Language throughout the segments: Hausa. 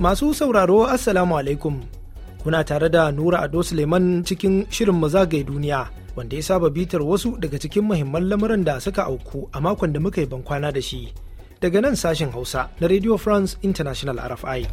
Masu sauraro Assalamu alaikum. Kuna tare da Nura Ado Suleiman cikin shirin mazagai duniya wanda ya saba bitar wasu daga cikin mahimman lamuran da suka auku a makon da muka yi bankwana da shi. Daga nan sashen Hausa na Radio France International RFI.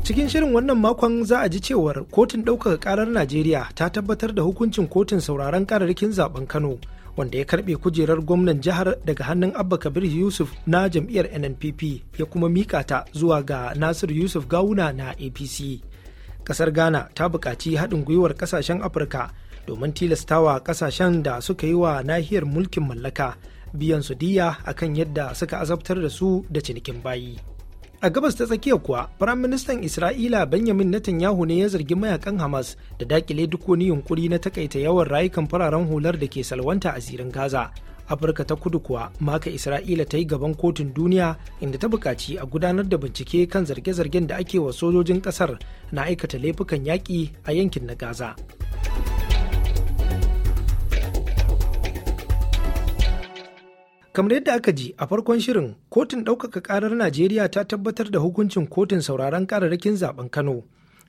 Cikin shirin wannan makon za a ji cewar kotun ɗaukaka ƙarar Najeriya ta tabbatar da hukuncin kotun sauraron kararrikin zaben Kano wanda ya karbe kujerar gwamnan jihar daga hannun abba kabir yusuf na jam'iyyar nnpp ya kuma mika ta zuwa ga nasir yusuf gawuna na apc kasar ghana ta buƙaci haɗin gwiwar ƙasashen afirka domin tilastawa ƙasashen da suka yi wa nahiyar mulkin mallaka biyan su diya akan yadda suka azabtar da su da cinikin bayi A gabas ta tsakiya kuwa, Firaministan Isra'ila Benjamin Netanyahu ne ya zargi mayakan Hamas da dakile duk wani yunkuri na takaita yawan rayukan fararen hular da ke salwanta a zirin Gaza. Afirka ta kudu kuwa, maka Isra'ila ta yi gaban kotun duniya inda ta bukaci a gudanar da bincike kan zarge-zargen da ake wa sojojin ƙasar na aikata laifukan yaƙi a yankin na Gaza. kamar yadda aka ji a farkon shirin kotun ɗaukaka ƙarar najeriya ta tabbatar da hukuncin kotun sauraron kararrakin zaben kano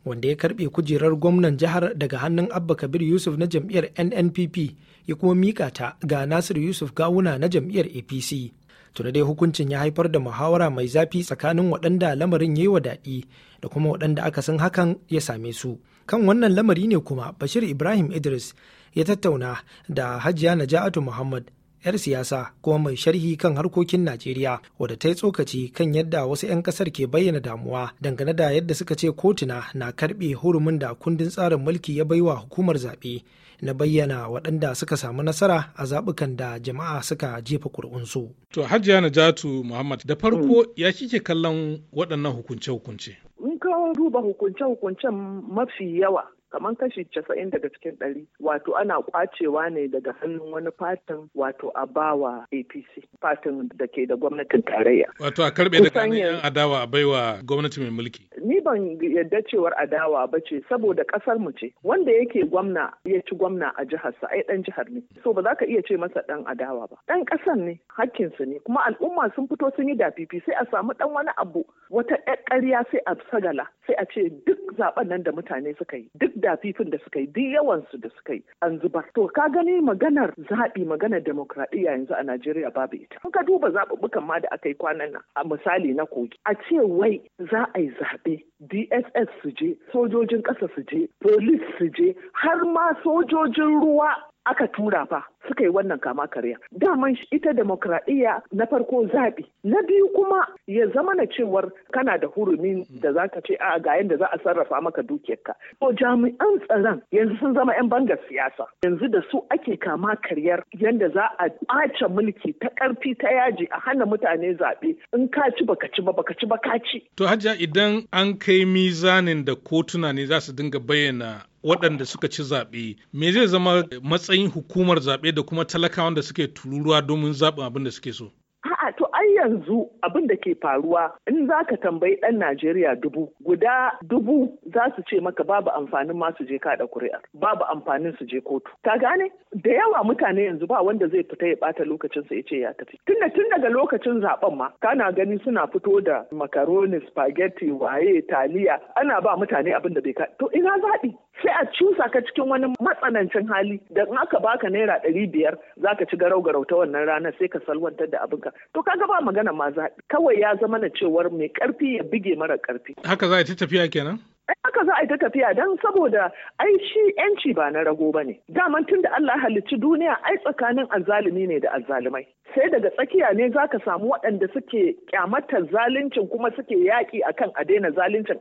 wanda ya karɓe kujerar gwamnan jihar daga hannun abba kabir yusuf na jam'iyyar nnpp ya kuma mika ta ga nasir yusuf gawuna na jam'iyyar apc tuna dai hukuncin ya haifar da muhawara mai zafi tsakanin waɗanda lamarin ya yi wa daɗi da kuma waɗanda aka san hakan ya same su kan wannan lamari ne kuma bashir ibrahim idris ya tattauna da hajiya naja'atu muhammad 'yar siyasa kuma mai sharhi kan harkokin Najeriya wadda ta yi tsokaci kan yadda wasu 'yan kasar ke bayyana damuwa dangane da yadda suka ce kotuna na karbe hurumin da kundin tsarin mulki ya baiwa hukumar zaɓe na bayyana waɗanda suka samu nasara a zaɓukan da jama'a suka jefa ƙuri'unsu. To Hajiya Najatu Muhammad da farko mm. ya kike kallon waɗannan hukunce-hukunce? In ka duba hukunce-hukuncen mafi yawa kamar kashi casa'in daga cikin ɗari wato ana kwacewa ne daga hannun wani fatin wato a bawa apc fatin da ke da gwamnatin tarayya wato a karbe daga yan adawa a baiwa gwamnati mai mulki ni ban yadda cewar adawa ba ce saboda kasar mu ce wanda yake gwamna ya ci gwamna a jihar sa ai dan jihar ne so ba za ka iya ce masa dan adawa ba dan kasar ne hakkin su ne kuma al'umma sun fito sun yi dafifi sai a samu dan wani abu wata ƙarya sai a sagala sai a ce duk zaben nan da mutane suka yi duk dafifin da suka yi duk yawansu da suka yi an zubar to ka gani maganar zaɓi maganar demokradiyya yanzu a Najeriya babu ita in ka duba zaɓuɓɓukan ma da aka yi kwanan nan a misali na kogi a ce wai za a yi zaɓe DSS su je sojojin ƙasa su je police su je har ma sojojin ruwa aka tura fa suka yi wannan kama karya daman ita demokradiyya na farko zaɓi na biyu kuma ya zama na cewar kana da hurumin da za ka ce a ga yadda za a sarrafa maka dukiyarka Ko jami'an tsaron yanzu sun zama 'yan bangar siyasa yanzu da su ake kama karyar yadda za a ɓace mulki ta ƙarfi ta yaji a hana mutane zaɓe in ka ci baka ci ba baka ci ba ka ci to hajiya idan an kai mizanin da kotuna ne za su dinga bayyana waɗanda suka ci zaɓe me zai zama matsayin hukumar zaɓe da kuma talakawan da suke tururuwa domin zaɓin abin da suke so A'a to ai yanzu abin da ke faruwa in za ka tambayi ɗan Najeriya dubu guda dubu za su ce maka babu amfanin ma su je kaɗa kuri'ar babu amfanin su je kotu. Ta gane? Da yawa mutane yanzu ba wanda zai fita ya ɓata lokacin sa ya ce ya tafi. Tunda tun daga lokacin zaben ma kana gani suna fito da makaroni spaghetti waye taliya ana ba mutane abin da bai ka to ina zaɓi. sai a cusa ka cikin wani matsanancin hali da in aka baka naira ɗari biyar za ka ci garau garau ta wannan rana sai ka salwantar da abinka to kaga ba magana ma za kawai ya zama na cewar mai karfi ya bige mara karfi haka za ta tafiya kenan haka za a yi ta tafiya don saboda ai shi yanci ba na rago ba ne daman tun da Allah halicci duniya ai tsakanin azzalumi ne da azzalumai sai daga tsakiya ne za ka samu waɗanda suke kyamatar zaluncin kuma suke yaƙi akan a daina zaluncin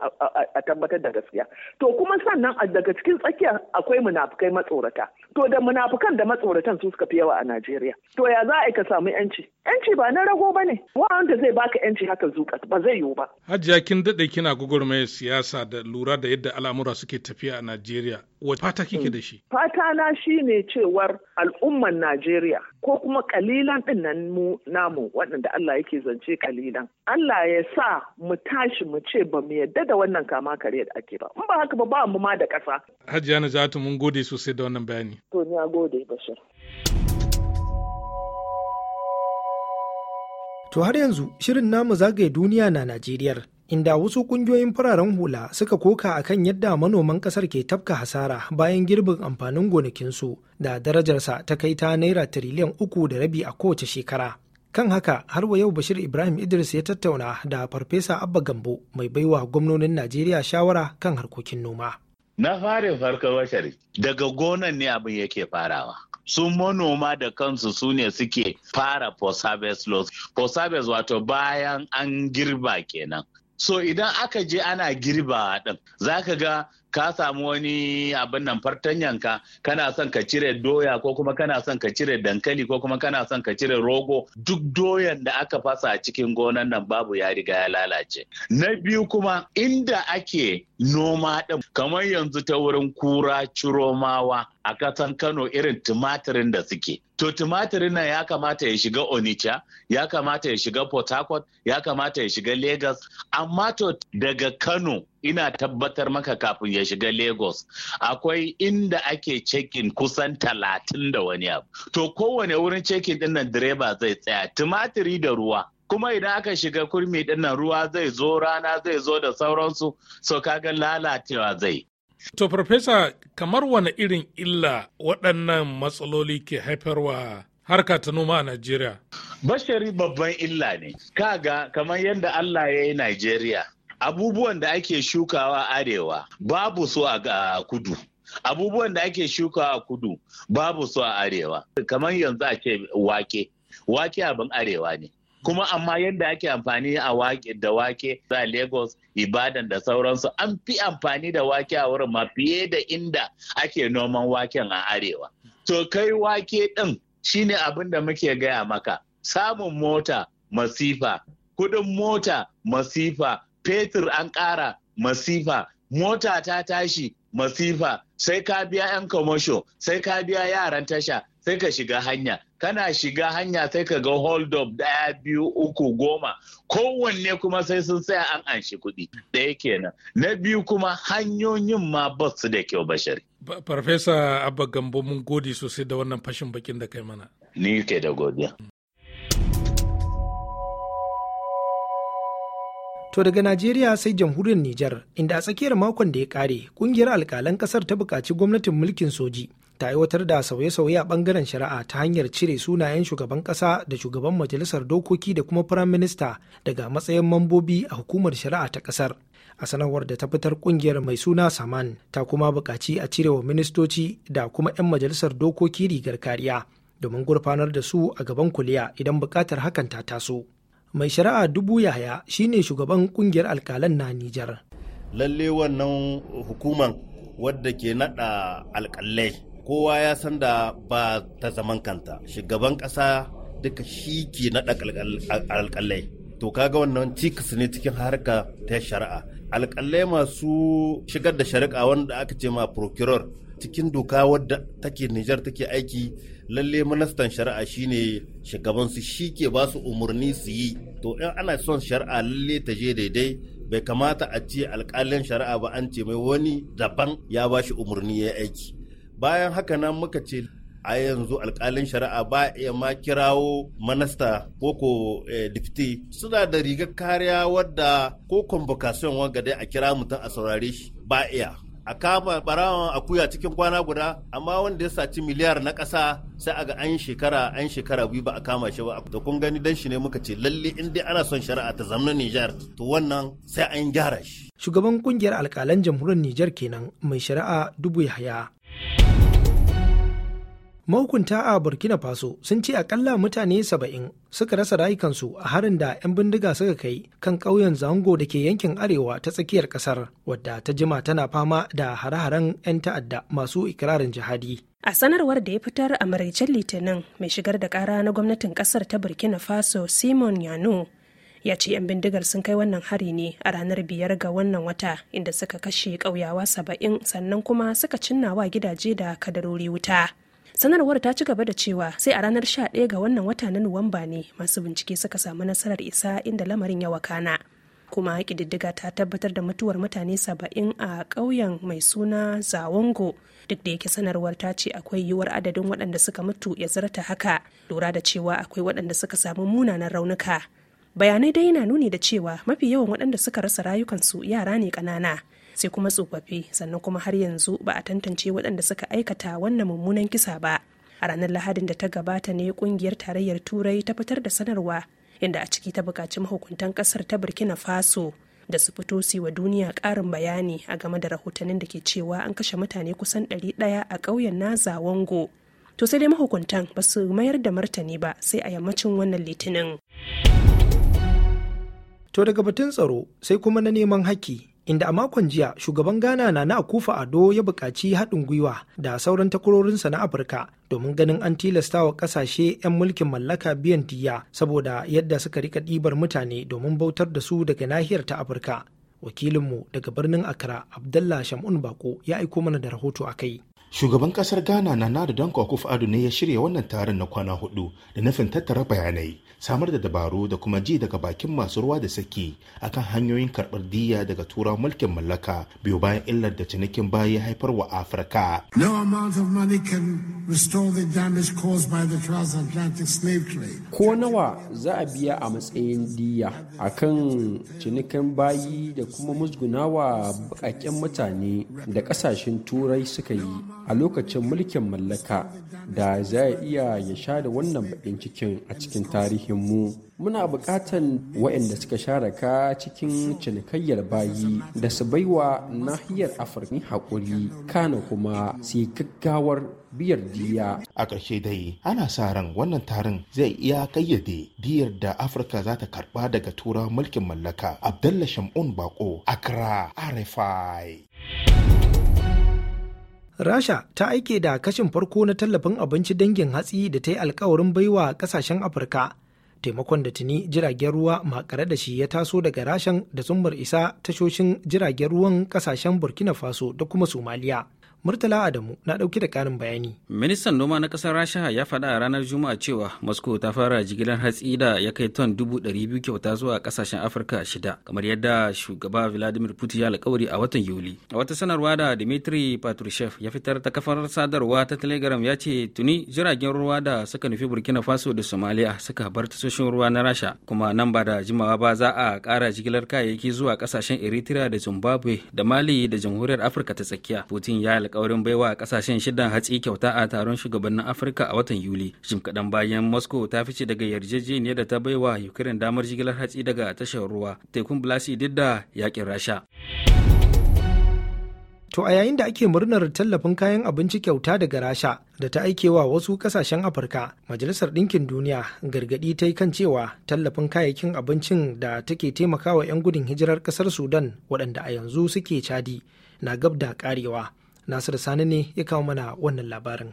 a tabbatar da gaskiya to kuma sannan daga cikin tsakiya akwai munafukai matsorata to da munafukan da matsoratan su suka fi yawa a Najeriya to ya za a yi ka samu yanci yanci ba na rago ba ne wanda zai baka yanci haka zuka ba zai yiwu ba hajiya kin daɗe kina gugurmayar siyasa da lura da yadda al'amura suke tafiya a najeriya Wata fata kike da shi mm. fata na shine cewar al'umman najeriya ko kuma kalilan ɗinnan nan mu namu waɗanda Allah yake zance kalilan Allah ya sa mu tashi mu ce ba mu yadda da wannan kama kare da ake ba in ba haka ba ba mu ma da ƙasa hajiya na mun gode sosai da wannan bayani to ni gode bashir To har yanzu shirin namu zagaye duniya na Najeriyar inda wasu kungiyoyin fararen hula suka koka akan yadda manoman kasar ke tafka hasara bayan girbin amfanin gonakinsu da darajarsa ta kai ta naira tiriliyan uku da rabi a kowace shekara. Kan haka har wa yau Bashir Ibrahim Idris ya tattauna da Farfesa Abba Gambo mai baiwa gwamnonin Najeriya shawara kan harkokin noma. na fara farkon washari daga gonan ne abin yake farawa sun manoma da kansu su ne suke fara post harvest loss post harvest wato bayan an girba kenan so idan aka je ana girba din ka ga ka samu wani abin nan yanka kana son ka cire doya ko kuma kana son ka cire dankali ko kuma kana son ka cire rogo duk doyan da aka fasa a cikin gonan nan babu ya riga ya lalace na biyu kuma inda ake noma ɗin kamar yanzu ta wurin kura ciromawa a kasan kano irin tumatirin da suke to tumatirin nan ya kamata ya shiga onitsha ya kamata ya shiga port harcourt ya kamata ya shiga lagos amma to daga kano ina tabbatar maka kafin ya shiga lagos akwai inda ake cekin kusan talatin da wani abu to kowane wurin cekin din nan direba zai tsaya tumatiri da ruwa kuma idan aka shiga kurmi din nan ruwa zai zo rana zai zo da sauransu so kaga lalacewa zai to farfesa, kamar wani irin illa waɗannan matsaloli ke haifarwa harka ta noma a najeriya bashari babban illa ne kaga kamar yadda allah ya yi najeriya abubuwan da ake shukawa arewa babu su a kudu abubuwan da ake shukawa a kudu babu su a arewa kamar yanzu a ce wake wake abin arewa ne kuma amma yadda ake amfani a wake da wake za lagos ibadan da sauransu an fi amfani da wake a wurin ma fiye da inda ake noman waken a arewa to kai wake din shine abin da muke gaya maka samun mota masifa kudin mota masifa fetur an ƙara masifa mota ta tashi masifa sai ka biya 'yan kamasho sai ka biya yaran tasha sai ka shiga hanya kana shiga hanya sai ka ga hold up daya biyu uku goma kowanne kuma sai sun tsaya an anshi kuɗi ɗaya kenan na biyu kuma hanyoyin ma ba da kyau bashari. farfesa abba gambo mun gode sosai da wannan fashin bakin da kai mana ni ke da godiya To daga Najeriya sai jamhuriyar Nijar, inda a tsakiyar makon da ya kare, kungiyar alkalan kasar ta buƙaci gwamnatin mulkin soji ta aiwatar da sauye-sauye a ɓangaren shari'a ta hanyar cire sunayen shugaban ƙasa da shugaban majalisar dokoki da kuma firayim minista daga matsayin mambobi a hukumar shari'a ta ƙasar. A sanarwar da ta fitar kungiyar mai suna Saman ta kuma buƙaci a cire wa ministoci da kuma 'yan majalisar dokoki rigar kariya domin gurfanar da su a gaban kuliya idan buƙatar hakan ta taso. mai shari'a dubu yahaya shine shugaban kungiyar alkalan na nijar lalle wannan hukuman wadda ke nada alkalai kowa ya san da ba ta zaman kanta shugaban kasa duka shi ke nada alkalai to kaga wannan cikas ne cikin harka ta shari'a alkalai masu shigar da shari'a wanda aka ce ma procurer. cikin doka wadda take Nijar take aiki lalle ministan shari'a shine shugaban su shi ke ba su umarni su yi to in ana son shari'a lalle ta je daidai bai kamata a ce alƙalin shari'a ba an ce mai wani daban ya ba shi umarni ya aiki bayan haka nan muka ce a yanzu alƙalin shari'a ba iya ma kirawo manasta koko eh, dipti suna da rigar kariya wadda ko convocation wanga dai a kira mutum a saurare shi ba iya a kama barawan akuya cikin kwana guda amma wanda ya saci miliyar na ƙasa sai a ga an shekara an shekara biyu ba a kama shi ba da kun gani dan shi ne muka ce lalle in dai ana son shari'a ta zamna Nijar to wannan sai an gyara shi shugaban kungiyar alƙalan jamhuriyar Nijar kenan mai shari'a Dubu Yahaya mahukunta a burkina faso sun ce akalla mutane saba'in suka rasa rayukansu a harin da 'yan bindiga suka kai kan ƙauyen zango da ke yankin arewa ta tsakiyar ƙasar wadda ta jima tana fama da hare-haren 'yan ta'adda masu ikirarin jihadi a sanarwar da ya fitar a maraicen litinin mai shigar da kara na gwamnatin ƙasar ta burkina faso simon yanu ya ce 'yan bindigar sun kai wannan hari ne a ranar biyar ga wannan wata inda suka kashe ƙauyawa saba'in sannan kuma suka cinnawa gidaje da kadarori wuta sanarwar ta ci gaba da cewa sai a ranar 11 ga wannan wata na nuwamba ne masu bincike suka samu nasarar isa inda lamarin ya wakana kuma kididdiga ta tabbatar da mutuwar mutane saba'in a ƙauyen mai suna zawongo duk da yake sanarwar ta ce akwai yiwuwar adadin waɗanda suka mutu ya zarta haka lura da cewa akwai waɗanda suka samu munanan raunuka bayanai dai na nuni da cewa mafi yawan waɗanda suka rasa rayukansu yara ne ƙanana sai kuma tsofaffi sannan kuma har yanzu ba a tantance waɗanda suka aikata wannan mummunan kisa ba a ranar lahadin da ta gabata ne ƙungiyar tarayyar turai ta fitar da sanarwa inda a ciki ta buƙaci mahukuntan ƙasar ta burkina faso da su fito su wa duniya ƙarin bayani a game da rahotannin da ke cewa an kashe mutane kusan ɗari ɗaya a ƙauyen naza wango to sai dai mahukuntan ba su mayar da martani ba sai a yammacin wannan litinin to daga batun tsaro sai kuma na neman haki inda a makon jiya shugaban ghana na na akufa ado ya bukaci haɗin gwiwa da sauran takwarorinsa na afirka domin ganin an tilasta wa ƙasashe 'yan mulkin mallaka biyan diya saboda yadda suka rika ɗibar mutane domin bautar da su daga nahiyar ta afirka wakilinmu daga birnin accra abdallah shamun bako ya aiko mana da rahoto a kai shugaban kasar ghana na nada don kwakwuf ado ne ya shirya wannan taron na kwana hudu da nufin tattara bayanai samar da dabaru da kuma ji daga bakin masu ruwa da saki akan hanyoyin karbar diya daga tura mulkin mallaka biyu bayan illar da cinikin baya haifar wa afirka no amount of money can Ko nawa za a biya a matsayin diya a kan cinikin bayi da kuma musgunawa bakaken mutane da kasashen turai suka yi a lokacin mulkin mallaka da za a iya ya sha da wannan baƙin cikin a cikin tarihinmu. muna buƙatan waɗanda suka share ka cikin cinikayyar bayi da su baiwa nahiyar afirka haƙuri kana kuma su yi gaggawar biyar diya a ƙarshe dai ana sa ran wannan taron zai iya kayyade diyar da afirka za ta karɓa daga tura mulkin mallaka abdalla shamun bako accra rfi Rasha ta aike da kashin farko na tallafin abinci dangin hatsi da ta yi alkawarin baiwa kasashen Afirka taimakon da tuni jiragen ruwa makare da shi ya taso daga rashen da zummar isa tashoshin jiragen ruwan kasashen burkina faso da kuma somaliya Murtala Adamu na dauki da ƙarin bayani. Ministan noma na ƙasar Rasha ya faɗa a ranar Juma'a cewa Moscow ta fara jigilar hatsi da ya kai ton dubu ɗari biyu kyauta zuwa ƙasashen Afirka shida, kamar yadda shugaba Vladimir Putin ya alƙawari a watan Yuli. A wata sanarwa da Dmitry Patrushev ya fitar ta kafar sadarwa ta Telegram ya ce tuni jiragen ruwa da suka nufi Burkina Faso da Somalia suka bar tasoshin ruwa na Rasha, kuma nan ba da jimawa ba za a ƙara jigilar kayayyaki zuwa ƙasashen Eritrea da Zimbabwe da Mali da Jamhuriyar Afirka ta Tsakiya. Putin ya alkawarin baiwa a kasashen shidan hatsi kyauta a taron shugabannin afirka a watan yuli jim kaɗan bayan moscow ta fice daga yarjejeniyar da ta baiwa ukraine damar jigilar hatsi daga tashar ruwa tekun blasi duk da yakin rasha To a yayin da ake murnar tallafin kayan abinci kyauta daga Rasha da ta aikewa wasu kasashen Afirka, Majalisar Ɗinkin Duniya gargaɗi ta yi kan cewa tallafin kayayyakin abincin da take taimakawa 'yan gudun hijirar ƙasar Sudan waɗanda a yanzu suke cadi na gabda da ƙarewa. Nasiru Sani ne ya kawo mana wannan labarin.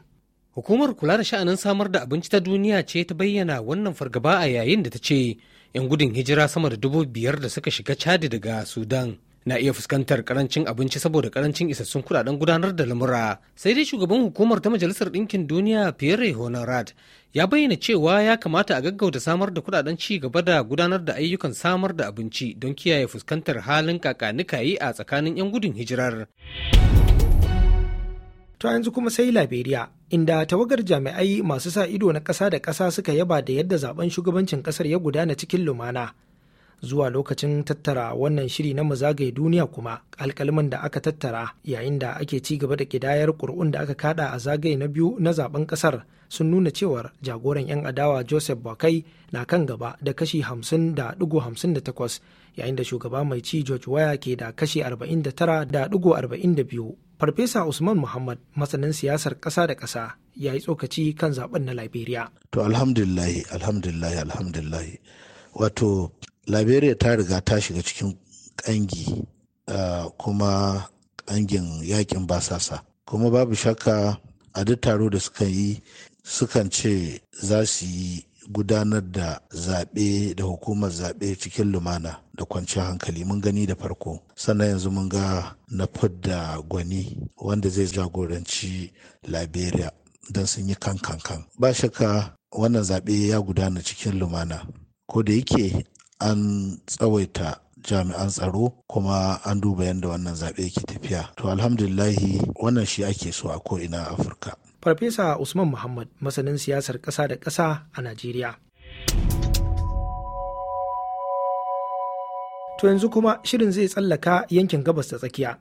Hukumar kula da sha'anin samar da abinci ta duniya ce ta bayyana wannan fargaba a yayin da ta ce 'yan gudun hijira sama da dubu biyar da suka shiga cadi daga Sudan. na iya fuskantar karancin abinci saboda karancin isassun kudaden gudanar da lamura sai dai shugaban hukumar ta majalisar ɗinkin duniya pierre honorat ya bayyana cewa ya kamata a gaggauta samar da kudaden ci gaba da gudanar da ayyukan samar da abinci don kiyaye fuskantar halin kakanikayi a tsakanin 'yan gudun hijirar To yanzu kuma sai Liberia, inda tawagar jami'ai masu sa ido na ƙasa da ƙasa suka yaba da yadda zaben shugabancin ƙasar ya gudana cikin lumana. Zuwa lokacin tattara wannan shiri na mazagaye duniya kuma alkalmin da aka tattara yayin da ake ci gaba da ƙidayar ƙuri'un da aka kada a zagaye na biyu na zaben ƙasar sun nuna cewar jagoran 'yan adawa Joseph bakai na kan gaba da kashi 50.58 yayin da shugaba mai ci George Waya ke da kashi 49.42. Farfesa Usman Muhammad masanin siyasar ƙasa da ƙasa ya yi tsokaci kan zaben na Liberia. To alhamdulillah alhamdulillah alhamdulillah wato Liberia ta riga ta shiga cikin ƙangi uh, kuma ƙangin yakin basasa kuma babu shakka a duk taro da suka yi sukan ce za su yi gudanar da zaɓe da hukumar zaɓe cikin lumana da kwanciyar hankali mun gani da farko sannan yanzu mun ga na da gwani wanda zai jagoranci liberia don sun yi kan kankan ba shakka wannan zaɓe ya gudana cikin lumana ko da yake an tsawaita jami'an tsaro kuma an duba yadda wannan zaɓe ke tafiya to alhamdulillahi wannan shi ake so a ko'ina a afirka Farfesa Usman Muhammad masanin siyasar ƙasa da ƙasa a Najeriya. To yanzu kuma shirin zai tsallaka yankin gabas da tsakiya.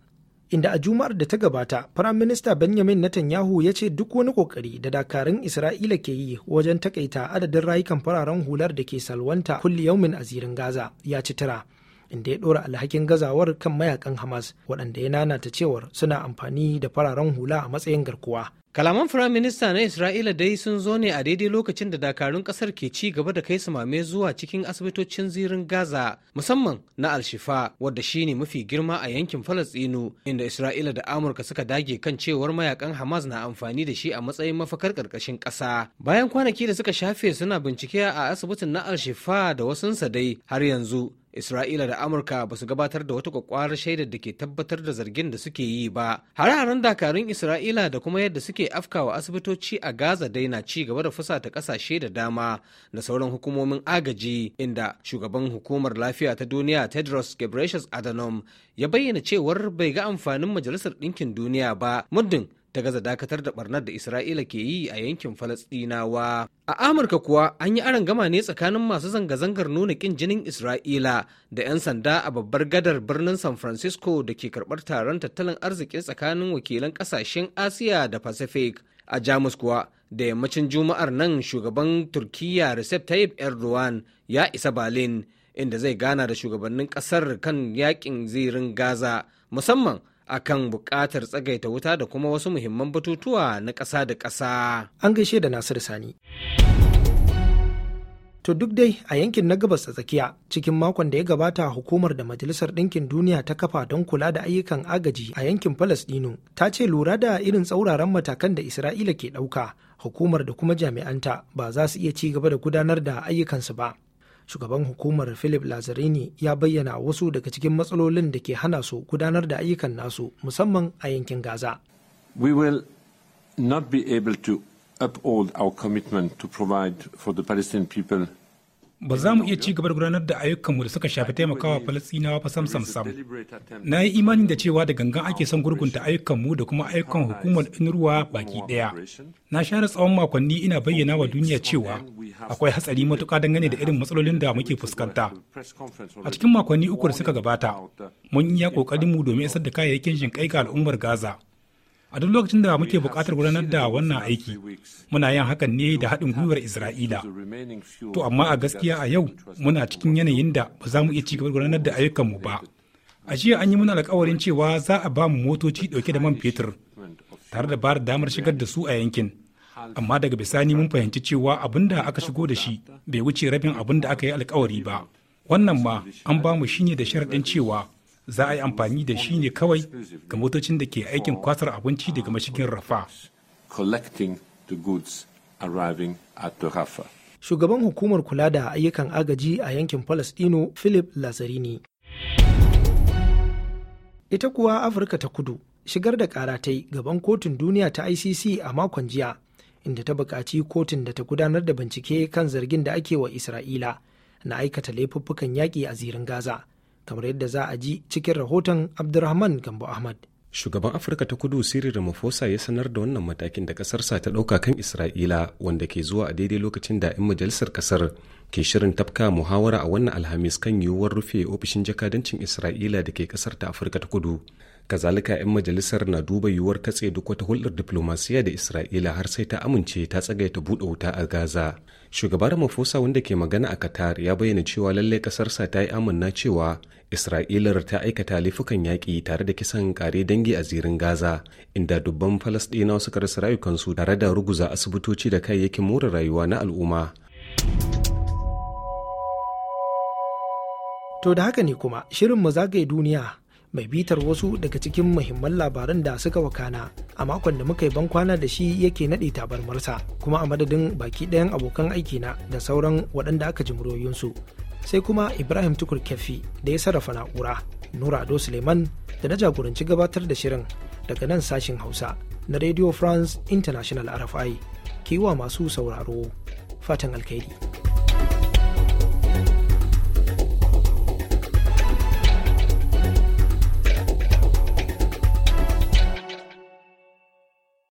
Inda a Juma'ar da ta gabata, Minista Benjamin Netanyahu ya ce duk wani kokari da dakarun Isra'ila ke yi wajen takaita adadin rayukan fararen hular da ke salwanta kulli yaumin a zirin Gaza ya ci tira. inda ya ɗora alhakin gazawar kan mayakan Hamas waɗanda ya nanata cewar suna amfani da fararen hula a matsayin garkuwa. Kalaman Firaminista na Isra'ila dai sun zo ne a daidai lokacin da dakarun ƙasar ke ci gaba da kai samame zuwa cikin asibitocin zirin Gaza musamman na Alshifa wadda shi ne mafi girma a yankin Falasɗinu inda Isra'ila da Amurka suka dage kan cewar mayakan Hamas na amfani da shi a matsayin mafakar ƙarƙashin ƙasa. Bayan kwanaki da suka shafe suna bincike a asibitin na Alshifa da wasunsa dai har yanzu Isra'ila da Amurka ba su gabatar da wata kwakwarar shaidar da ke tabbatar da zargin da suke yi ba. Hare-haren dakarun Isra'ila da kuma yadda suke afkawa asibitoci a Gaza dai na ci gaba da fusata kasashe da dama da sauran hukumomin agaji inda shugaban hukumar lafiya ta duniya Tedros Ghebreyesus Adhanom ya bayyana cewar bai ga amfanin Majalisar Ɗinkin Duniya ba muddin ta gaza dakatar da barnar da Isra'ila ke yi a yankin Falasɗinawa. A Amurka kuwa an yi aron gama ne tsakanin masu zanga-zangar nuna kin jinin Isra'ila da 'yan sanda a babbar gadar birnin San Francisco da ke karbar taron tattalin arziki tsakanin wakilan kasashen Asiya da Pacific. A Jamus kuwa da yammacin Juma'ar nan shugaban Turkiyya Recep Tayyip Erdogan ya isa Berlin inda zai gana da shugabannin kasar kan yakin zirin Gaza musamman akan bukatar tsagaita wuta da kuma wasu muhimman batutuwa na ƙasa da ƙasa. An gaishe da Nasiru Sani. To duk dai a yankin na gabas a tsakiya cikin makon da ya gabata hukumar da Majalisar Ɗinkin Duniya ta kafa don kula da ayyukan agaji a yankin Falasɗinu ta ce lura da irin tsauraran matakan da Isra'ila ke ɗauka hukumar da kuma jami'anta ba za su iya ci gaba da gudanar da ayyukansu ba. shugaban hukumar philip lazarini ya bayyana wasu daga cikin matsalolin da ke hana su gudanar da ayyukan nasu musamman a yankin gaza we will not be able to uphold our commitment to provide for the palestinian people ba za mu iya ci gaba da gudanar da ayyukanmu da suka shafi taimakawa falastinawa fa sam sam na yi imani da cewa da gangan ake son gurgunta ayyukanmu da kuma ayyukan hukumar ruwa baki daya na share tsawon makonni ina bayyana wa duniya cewa akwai hatsari matuƙa dangane da irin matsalolin da muke fuskanta a cikin makonni uku da suka gabata mun iya kokarin mu domin isar da kayayyakin shinkai ga al'ummar gaza a duk lokacin da muke buƙatar gudanar da wannan aiki muna yin hakan ne da haɗin gwiwar isra'ila to amma a gaskiya a yau muna cikin yanayin da ba za mu iya cigaba gudanar da ayyukanmu ba a jiya an yi mana alkawarin cewa za a ba mu motoci ɗauke da man fetur tare da bayar damar shigar da su a yankin amma daga bisani mun fahimci cewa abin da aka shigo da shi bai wuce rabin abin da aka yi alkawari ba wannan ma an ba mu shine da sharaɗin cewa za a yi amfani da shi ne kawai ga motocin da ke aikin kwasar abinci daga mashigin rafa shugaban hukumar kula da ayyukan agaji a yankin palestino philip lazarini ita kuwa afirka ta kudu shigar da karatai gaban kotun duniya ta icc a makon jiya inda ta buƙaci kotun da ta gudanar da bincike kan zargin da ake wa isra'ila na aikata laifuffukan yaƙi a zirin gaza kamar yadda za a ji cikin rahoton abdulrahman Gambo Ahmad. Shugaban Afirka ta Kudu Cyril Ramaphosa ya sanar da wannan matakin da ƙasarsa ta dauka kan Isra'ila wanda ke zuwa a daidai lokacin da 'yan majalisar kasar ke shirin tafka muhawara a wannan Alhamis kan yiwuwar rufe ofishin jakadancin Isra'ila da ke kasar ta Afirka ta Kudu. kazalika 'yan majalisar na duba yiwuwar katse duk wata hulɗar diplomasiya da isra'ila har sai ta amince ta ta buɗe wuta a gaza shugabar mafosa wanda ke magana a qatar ya bayyana cewa lallai ƙasarsa ta yi amanna cewa isra'ilar ta aikata laifukan yaƙi tare da kisan kare dangi a zirin gaza inda dubban falasɗinawa suka rasa rayukansu tare da ruguza asibitoci da kayayyakin more rayuwa na al'umma To da haka ne kuma shirin mu zagaye duniya mai bitar wasu daga cikin muhimman labaran da suka wakana a makon da muka yi bankwana da shi yake naɗe tabarmarsa kuma a madadin baki ɗayan abokan aikina da sauran waɗanda aka ji muryoyinsu sai kuma ibrahim tukur kefi da ya sarrafa na'ura nura ado suleiman da na jagoranci gabatar da shirin daga nan sashin hausa na radio france international rfi kiwa masu sauraro fatan alkhairi.